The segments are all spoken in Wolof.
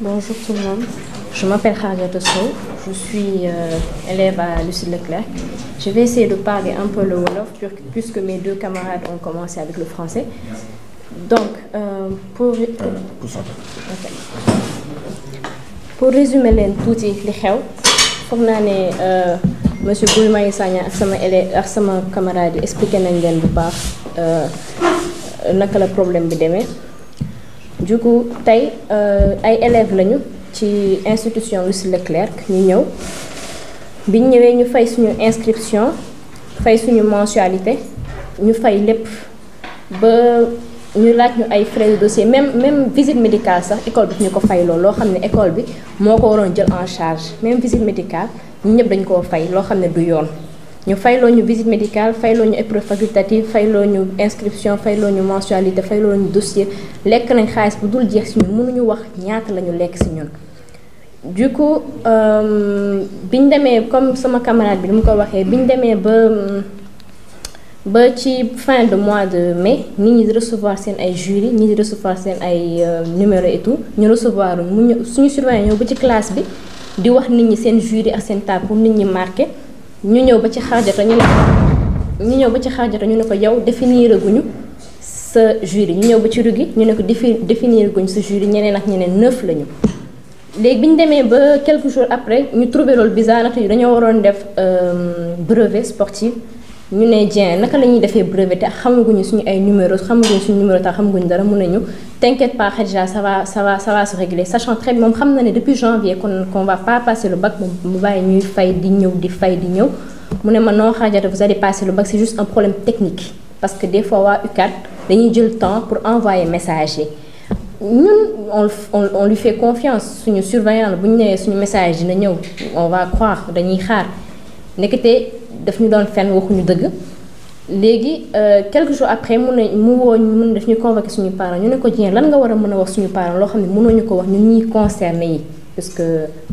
Bonjour tout le monde. Je m'appelle Khadija Tosso. Je suis euh, élève à Lucide Leclerc. Je vais essayer de parler un peu le Wolof puisque mes deux camarades ont commencé avec le français. Donc, euh, pour... Euh, pour résumer tout tout qui xew foog M. monsieur Guy Marius Sagna le camarade problème de du coup tey euh, ay élèves lañu ci institution Lucie Leclerc ñu ñëw biñ ñëwé ñu fay suñu inscription fay suñu mensualité ñu fay lépp ba ñu laaj ñu ay frais de dossier même même visite médicale sax école bi ñu ko fay loolu loo xam ne école bi moo ko waroon jël en charge même visite médicale ñu ñëpp dañ koo fay loo xam ne du yoon ñu fayloo ñu visite médicale fayloo ñu épreuve facultative fayloo ñu inscription fayloo ñu mensualité fayloo ñu dossier lekk nañ xaalis bu dul jeex si ñun mënuñu wax ñaata la ñu lekk si ñun. du coup euh, biñ demee comme sama camarade bi ni mu ko waxee biñ demee ba ba ci fin de mois de mai nit ñi recevoir seen ay jury ñi di recevoir seen ay euh, numéro et tout ñu recevoir mu ñu suñu surveillant ñëw ba ci classe bi di wax nit ñi seen jury ak seen table pour nit ñi marquer. ñu ñëw ba ci xaarjata ñu ne ñu ñëw ba ci xaarjata ñu ne ko yow définir sa jury ñu ñëw ba ci rugi ñu ne ko définir guñu sa jury ñeneen ak ñeneen neuf lañu. léegi bi ñu demee ba quelques jours après ñu trouvé loolu bizarre ndax dañoo waroon def euh, brevet sportif. ñu ne Dieng naka la ñuy defee brevet xamaguñu suñu ay numéro xamaguñu suñu numéro ta xamaguñu dara mun nañu t'inquiète pas Khadija ça va ça va ça va se régler sachant très bien moom xam na ne depuis janvier kon qu'on va pas passer le bac mu bàyyi ñuy fay di ñëw di fay di ñëw mu ne ma non Khadija vous allez passer le bac c'est juste un problème technique parce que des fois waa UCAD dañuy jël temps pour envoyer message yi ñun on on lui fait confiance suñu surveillant bu ñu nee suñu message dina ñëw on va croire dañuy xaar nekkete daf ñu doon fenn waxuñu dëgg léegi euh, quelques jours après mun nañ mu woo mun daf convoqué suñu parents ñu ne ko Dieng lan nga war a mën a wax suñu parents loo xam ne mënoo ñu ko wax ñun ñuy concerné yi parce que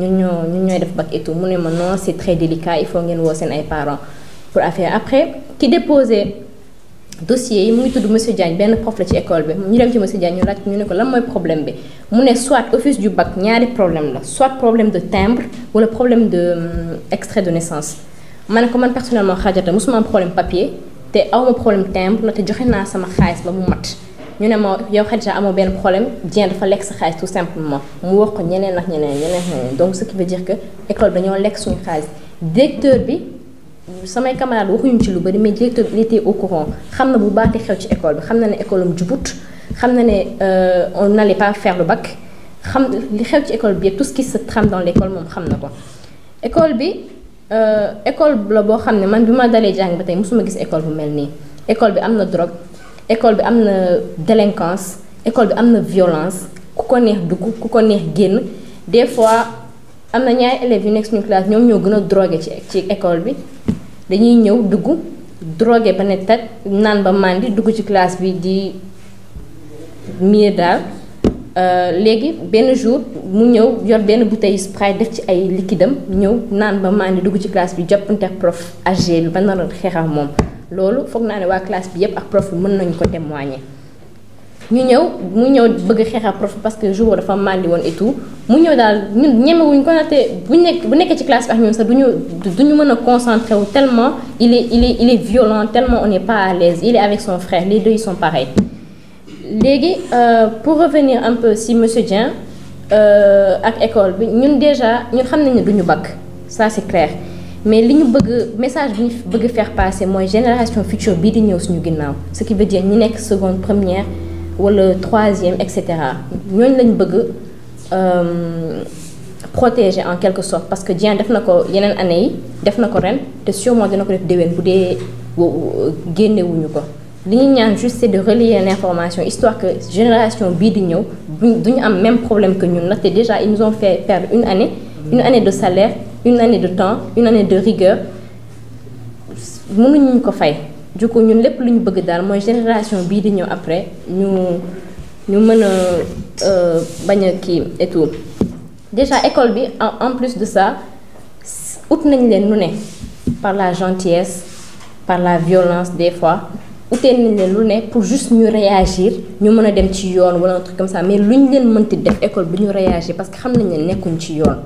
ñun ñoo ñun ñooy def bac et tout mu ne ma non c'est très délicat il faut ngeen woo seen ay parents pour affaire après ki déposé dossier yi mu ngi tudd monsieur Diagne benn prof la ci école bi ñu dem ci monsieur Diagne ñu laaj ñu ne ko lan mooy problème bi mu ne soit office du bac ñaari problème la soit problème de timbre wala problème de hum, extrait de naissance ma ko man personnellement xaajata mosuma am problème papier te aw problème timbre na te joxe naa sama xaalis ba mu mat ñu ne ma yow xaajata amoo benn problème Dieng dafa lekk sa xaalis tout simplement mu wax ko ñeneen ak ñeneen ñeneen donc ce qui veut dire que école dañoo lekk suñu xaalis directeur bi samay camarades waxuñu ci lu bari mais directeur bi il était au courant xam na bu baati xew ci école bi xam na ne école am jubut xam na ne euh, on n'allait pas faire le bac xam li xew ci école bi tout ce qui se trame dans l'école moom xam na ko école bi. Euh, école la boo xam ne man bi ma dalee jàng ba tey mosuma gis école bu mel nii école bi am na drogue école bi am na délinquance école bi am na violence ku ko neex dugg ku ko neex génn des fois am na ñaari élèves yu nekk suñu classe ñoom ñoo gën a drogué ci ci école bi dañuy ñëw duggu drogué ba ne taj naan ba màndi dugg ci classe bi di mieux daal. Euh, léegi benn jour mu yor bouteille spray def ci ay liquide ba ci classe bi prof les bi loolu ne classe bi ak prof témoigner ñu mu bëgg prof parce que jour dafa et tout mu ko bu ci classe ak concentré tellement il est il est il est violent tellement on n'est pas à l'aise il est avec son frère les deux ils sont pareils euh, pour revenir un peu si monsieur Dien à euh, l'école, nous déjà ça c'est clair mais le message que faire passer la génération future di ce qui veut dire que seconde première le troisième etc. Nous euh, protéger en quelque sorte parce que Dien il y année li ñaan juste c'est de relier l'information histoire que génération bii di le même problème que nous. déjà ils nous ont fait perdre une année une année de salaire une année de temps une année de rigueur Nous n'y ko fay du coup nous, les plus bëgg génération bii après nous, ñu menons a qui euh, et tout déjà école bi en plus de ça outre nañ leen par la gentillesse par la violence des fois uteel nañ lu ne pour juste ñu réagir ñu mën a dem ci yoon wala un truc comme ça mais lu ñu leen mënti def école bi ñu réagir parce que xam nañ ne nekkuñ ci yoon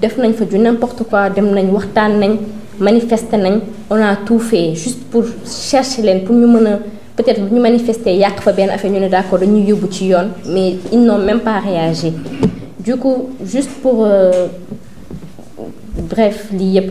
def nañ fa ju n'importe quoi dem nañ waxtaan nañ manifester nañ on a tout fait juste pour chercher leen pour ñu mën peut-être bu ñu manifester y fa benn affaire ñu ne d'accord dañuy yóbbu ci yoon mais ils n'ont même pas réagi du coup juste pour euh, bref lii yëpp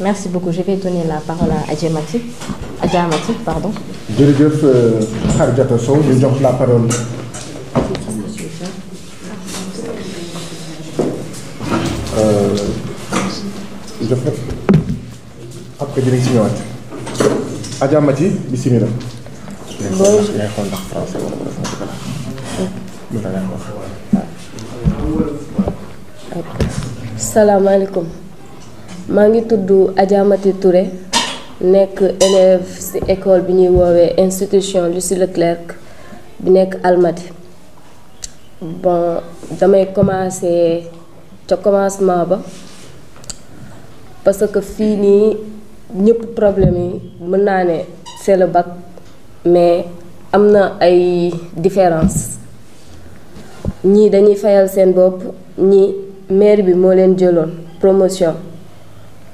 Merci beaucoup. Je vais donner la parole à Adjamati. Adjamati, pardon. Euh, je vais donner la parole à euh, Adjamati. Je vais donner la parole à Après, je vais donner la parole à Adjamati. Adjamati, je Salam alaikum mangi ngi adjamati Touré nek élève ci école bi ñuy woowee institution Lucie Leclerc bi nek Almadi bon damay commencer ca commencement ba parce que fii nii ñëpp problème yi mën naa ne c'est le bac mais am na ay différence ñii dañuy fayal seen bopp ñii maire bi moo leen jëloon promotion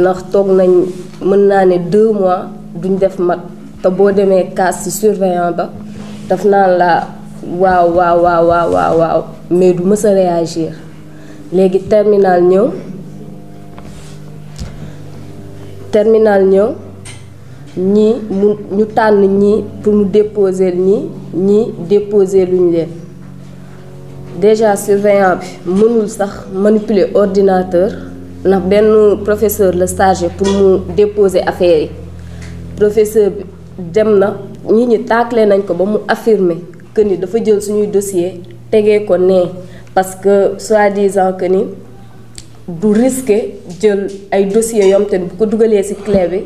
ndax toog nañ mën naa ne deux mois duñ def mat te boo demee cas ci surveillant ba daf naan la waaw waaw waaw waaw waaw mais du mës a réagir léegi terminal ñëw terminal ñëw ñii mu ñu tànn ñii pour mu déposer ñii ñii déposer luñ leen déjà surveillant bi mënul sax manipuler ordinateur nous benn professeur le stage pour nous déposer affaire professeur demna ñi ñi taklé nañ ko ba mu affirmer que ni dafa jël suñuy dossier tégué ko né parce que soit disant que ni du risqué jël ay dossier yom té bu ko dugalé ci clé bi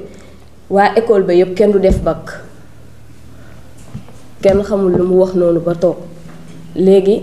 école ba yëpp kenn du def bac kenn xamul lu mu wax nonu ba toog légui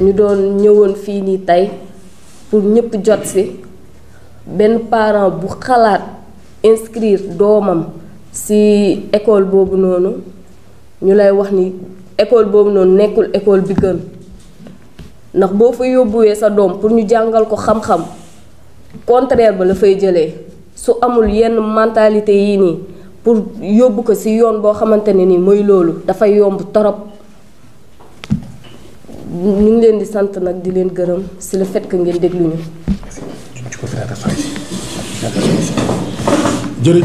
ñu doon ñëwoon fii nii tey pour ñëpp jot si benn parent bu xalaat inscrire doomam si école boobu noonu ñu lay wax ni école boobu noonu nekkul école bi gën ndax boo fa yóbbuwee sa doom pour ñu jàngal ko xam-xam contraire ba la fay jëlee su amul yenn mentalité yii nii pour yóbbu ko si yoon boo xamante ne ni mooy loolu dafa yomb torop ñu ngi leen di sant nag di leen gërëm si la fait que ngeen déglu